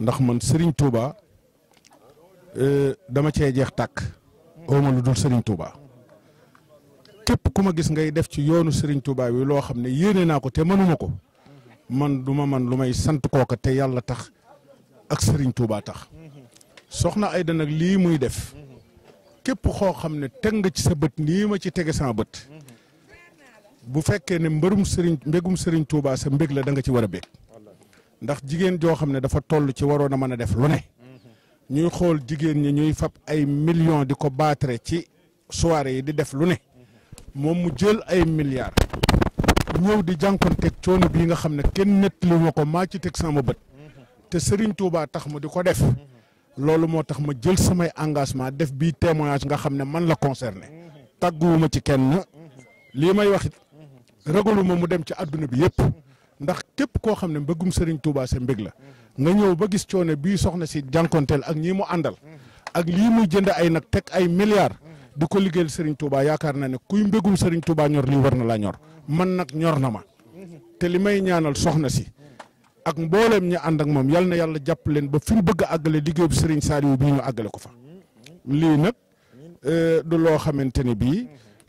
ndax man sëriñ Touba euh, dama cee jeex tàkk ooma lu dul Serigne Touba képp ku ma gis ngay def ci yoonu sëriñ Touba bi loo xam ne yéene naa ko te mënuma ko man duma man lu may sant kooka te yàlla tax ak sëriñ Touba tax soxna Aida nag lii muy def képp xoo xam ne teg nga ci sa bët nii ma ci tege sama bët bu fekkee ne mbërum Serigne mbégum sëriñ Touba sa mbég la da ci war a bég ndax jigéen joo xam ne dafa toll ci waroon a mën a def lu ne ñuy xool jigéen ñi ñuy fab ay million di ko baatare ci soirée yi di def lu ne moom mu jël ay milliards ñëw di jànkonteeg coono bii nga xam ne kenn nettali ma ko maa ci teg ma bët te Serigne Touba tax ma di ko def loolu moo tax ma jël samay engagement def bii témoignage nga xam ne man la concerné tàgguwuma ci kenn lii may wax it mu dem ci adduna bi yëpp. képp koo xam ne mbëggum Serigne Touba sa mbég la nga ñëw ba gis coono bii soxna si jànkonteel ak ñii mu àndal ak lii muy jënd ay nag teg ay milliards di ko liggéeyal sëriñ Touba yaakaar naa ne kuy mbégum Serigne Touba ñor lii war na laa ñor man nag ñor na ma te li may ñaanal soxna si ak mbooleem ñi ànd ak moom yal na yàlla jàpp leen ba fi ñu bëgg a àggale liggéeyub Serigne Saliou bi ñu àggale ko fa lii nag euh, du loo xamante ne bii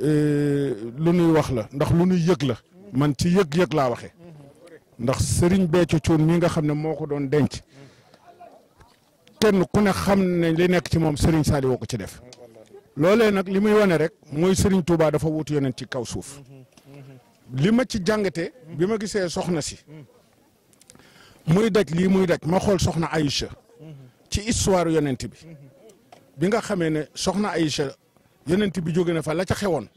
euh, lu nuy wax la ndax lu nuy yëg la man ci yëg-yëg laa waxee ndax Serigne Béthio Thioune mi nga xam ne moo ko doon denc kenn ku ne xam ne li nekk ci moom Serigne Saliou ko ci def loolee nag li muy wane rek mooy sëriñ Touba dafa wut yeneen ci kaw suuf li ma ci jàngatee bi ma gisee soxna si muy lii muy daj ma xool soxna Aïcha ci histoire yonent bi bi nga xamee ne soxna Aïcha yonent bi jóge na fa la ca xewoon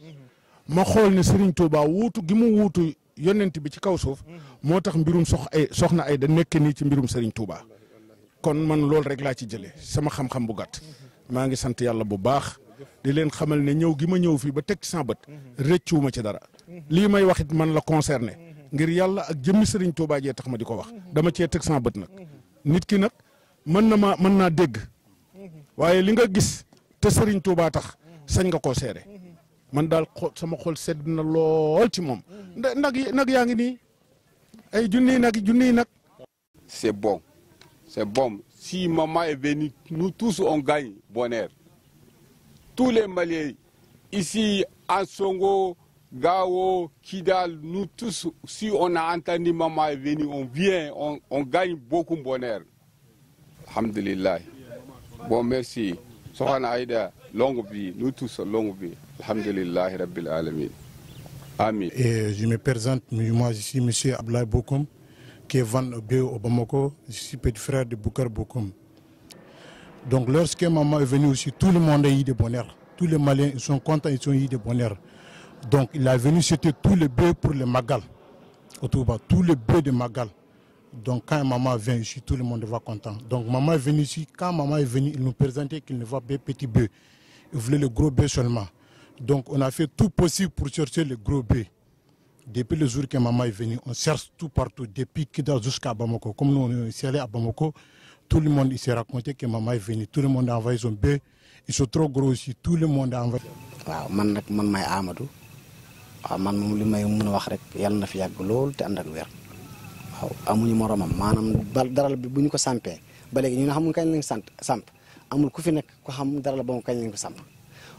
ma xool ne Serigne Touba wuutu gi mu wuutu yonent bi ci kaw suuf moo tax mbirum sox ay soxna ay da nekk nii ci mbirum Serigne Touba kon man loolu rek laa ci jëlee sama xam-xam bu gàtt maa ngi sant yàlla bu baax di leen xamal ne ñëw gi ma ñëw fii ba teg ci sama bët ci dara lii may wax man la concerné ngir yàlla ak jëmmi sëriñ Touba jee tax ma di ko wax dama cee teg sama bët nag nit ki nag man na ma mën naa dégg waaye li nga gis te sëriñ Touba tax sañ nga koo seere man c'est bon c'est bon si maman est venue nous tous on gagne bonheur tous les Maliens ici à Songo Gao Kidal nous tous si on a entendu maman est venue on vient on gagne beaucoup de bonheur alhamdulillah bon merci nous tous, longue vie. Et je me présente, moi je suis M. Ablay Bokum, qui est Van au Bamako, je suis petit frère de Boukar Bokum. Donc lorsque maman est venue aussi, tout le monde a eu de bonheur. Tous les Maliens sont contents, ils ont eu de bonheur. Donc il est venu, c'était tous les bœufs pour le Magal. Autour, tout le bœufs de Magal. Donc quand maman vient ici, tout le monde va content. Donc maman est venue ici, quand maman est venue, il nous présentait qu'il ne va pas petit bœuf. Il voulait le gros bœuf seulement. Donc on a fait tout possible pour chercher le gros bœuf. Depuis le jour que maman est venue, on cherche tout partout, depuis Kida jusqu'à Bamako. Comme nous, on est allé à Bamako, tout le monde s'est raconté que maman est venue. Tout le monde a envoyé son bœuf. Ils sont trop gros aussi, tout le monde a envoyé. son. man man Amadou man li wax rek homme. na fi un waaw moromam maanaam ba daral bi bu ñu ko sampee ba léegi ñu ne xamul kañ lañ sant samp amul ku fi nekk ko xam daral ba mu kañ ko samp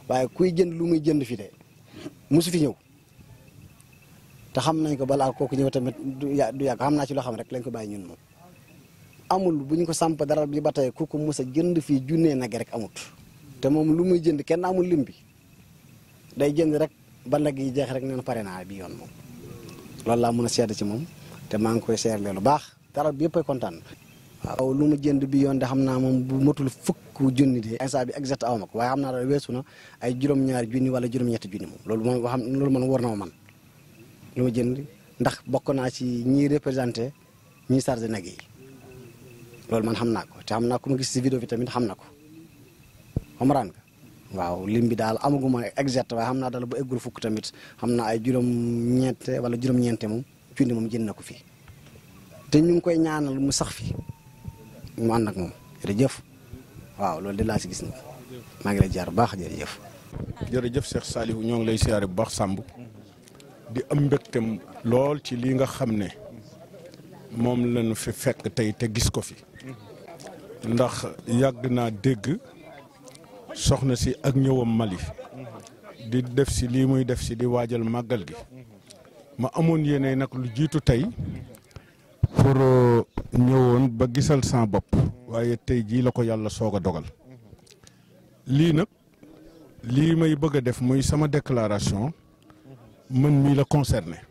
waaye kuy jënd lu muy jënd fi de musu fi ñëw te nañ ko balaa kooku ñëw tamit du yàgg xam naa ci loo xam rek lañ ko bàyyi ñun moom amul bu ko samp daral bi ba tey ku ko mus a jënd fii junnee nag rek amut te moom lu muy jënd kenn amul lim bi day jënd rek ba nag yi jeex rek nu pare naa bi yoon moom loolu laa mën a seede ci moom te maa ngi koy seerle lu baax dara bi yëpp ay kontaan waaw lu mu jënd bi yoon de xam naa moom bu fukk junni de instant bi exact aw ma ko waaye xam naa daal weesu na ay juróom-ñaari junni wala juróom-ñetti junni moom loolu moom xam loolu man wóor na ma ndax bokk naa ci ñi représenté ñi nag yi loolu man xam naa ko te xam naa ku ma gis si vidéo bi tamit xam na ko comprendre waaw lim bi daal amaguma exact waaye xam naa daal bu eggul fukk tamit xam naa ay juróom-ñeente wala juróom-ñeente junni moom jënd na ko fi te ñu ngi koy ñaanal mu sax fi mu ànd ak moom jërëjëf waaw loolu de laa si gis na maa ngi lay jaar bu baax jërëjëf. jërëjëf seex Saliou ñoo ngi lay siyaare bu baax Samb di am mbégtem lool ci lii nga xam ne moom lañu fi fekk tey te gis ko fi ndax yàgg naa dégg soxna si ak ñëwam Mali di def si lii muy def si di waajal màggal gi. ma amoon yéene nag lu jiitu tey pour euh, ñëwoon ba gisal saa bopp waaye tey jii la ko yàlla soog a dogal lii nag lii may bëgg a def muy sama déclaration man mii la concerné